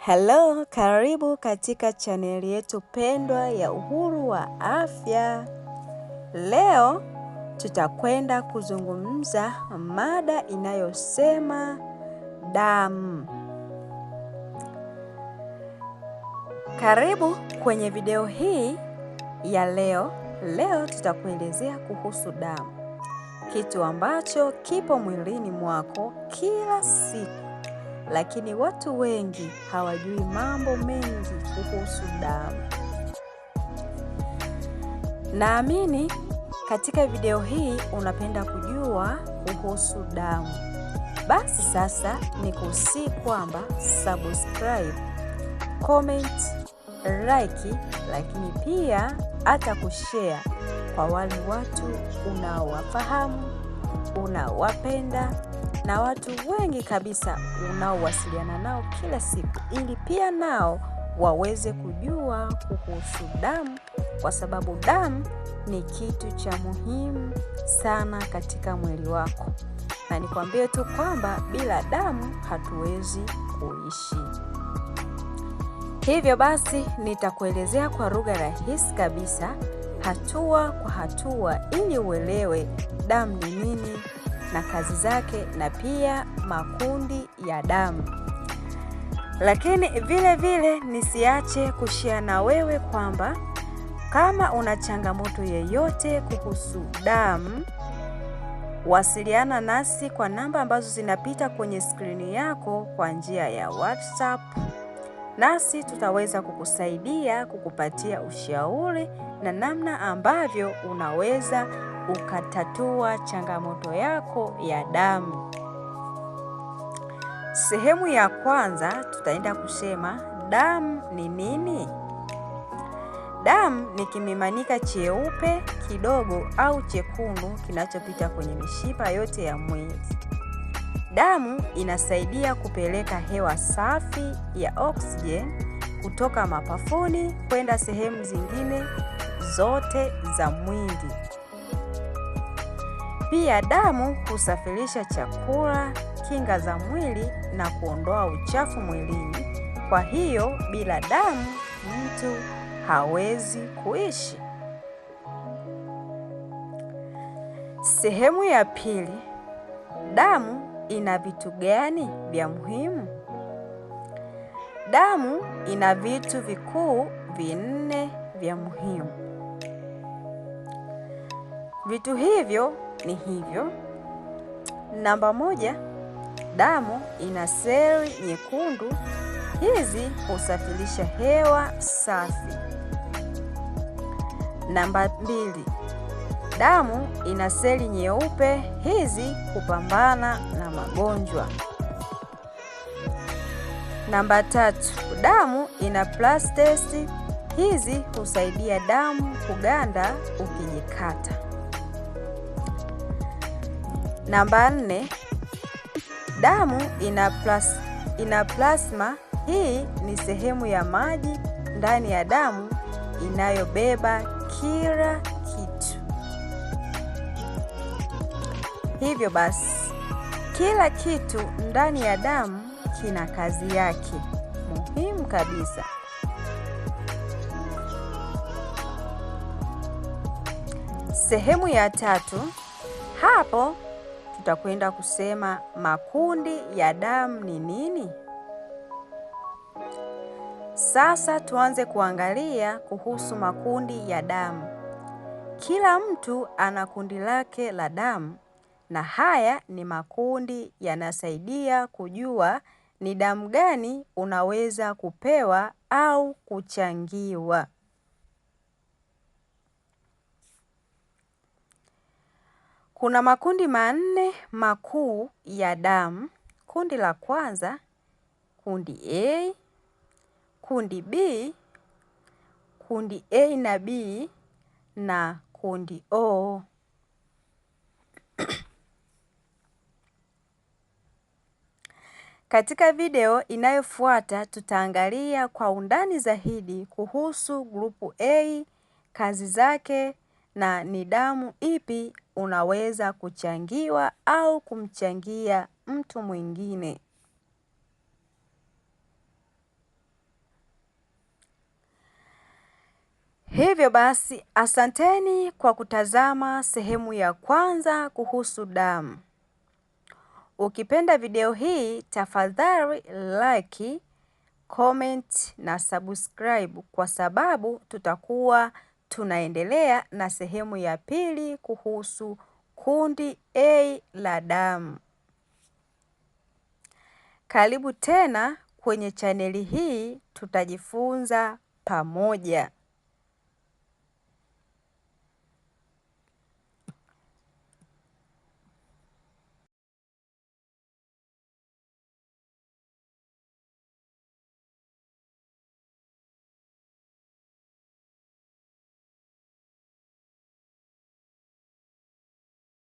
Hello, karibu katika chaneli yetu pendwa ya Uhuru wa Afya. Leo tutakwenda kuzungumza mada inayosema damu. Karibu kwenye video hii ya leo. Leo tutakuelezea kuhusu damu, kitu ambacho kipo mwilini mwako kila siku lakini watu wengi hawajui mambo mengi kuhusu damu. Naamini katika video hii unapenda kujua kuhusu damu. Basi sasa ni kusii kwamba subscribe, comment, like, lakini pia hata kushare kwa wale watu unaowafahamu, unaowapenda na watu wengi kabisa unaowasiliana nao kila siku, ili pia nao waweze kujua kuhusu damu, kwa sababu damu ni kitu cha muhimu sana katika mwili wako, na nikwambie tu kwamba bila damu hatuwezi kuishi. Hivyo basi nitakuelezea kwa lugha rahisi kabisa, hatua kwa hatua, ili uelewe damu ni nini na kazi zake na pia makundi ya damu. Lakini vile vile nisiache kushia na wewe kwamba kama una changamoto yeyote kuhusu damu, wasiliana nasi kwa namba ambazo zinapita kwenye skrini yako kwa njia ya WhatsApp, nasi tutaweza kukusaidia kukupatia ushauri na namna ambavyo unaweza ukatatua changamoto yako ya damu. Sehemu ya kwanza tutaenda kusema damu ni nini? Damu ni kimiminika cheupe kidogo au chekundu kinachopita kwenye mishipa yote ya mwili. Damu inasaidia kupeleka hewa safi ya oksijeni kutoka mapafuni kwenda sehemu zingine zote za mwili. Pia damu husafirisha chakula, kinga za mwili na kuondoa uchafu mwilini. Kwa hiyo bila damu mtu hawezi kuishi. Sehemu ya pili, damu ina vitu gani vya muhimu? Damu ina vitu vikuu vinne vya muhimu. Vitu hivyo ni hivyo. Namba moja, damu ina seli nyekundu. Hizi husafirisha hewa safi. Namba mbili, damu ina seli nyeupe. Hizi hupambana na magonjwa. Namba tatu, damu ina plastesi. Hizi husaidia damu kuganda ukijikata. Namba nne, damu ina plas, ina plasma. Hii ni sehemu ya maji ndani ya damu inayobeba kila kitu. Hivyo basi, kila kitu ndani ya damu kina kazi yake muhimu kabisa. Sehemu ya tatu hapo tutakwenda kusema makundi ya damu ni nini. Sasa tuanze kuangalia kuhusu makundi ya damu. Kila mtu ana kundi lake la damu na haya ni makundi yanasaidia kujua ni damu gani unaweza kupewa au kuchangiwa. Kuna makundi manne makuu ya damu. Kundi la kwanza, kundi A, kundi B, kundi A na B na kundi O. Katika video inayofuata tutaangalia kwa undani zaidi kuhusu grupu A, kazi zake na ni damu ipi unaweza kuchangiwa au kumchangia mtu mwingine. Hivyo basi, asanteni kwa kutazama sehemu ya kwanza kuhusu damu. Ukipenda video hii, tafadhali like, comment na subscribe kwa sababu tutakuwa Tunaendelea na sehemu ya pili kuhusu kundi A la damu. Karibu tena kwenye chaneli hii tutajifunza pamoja.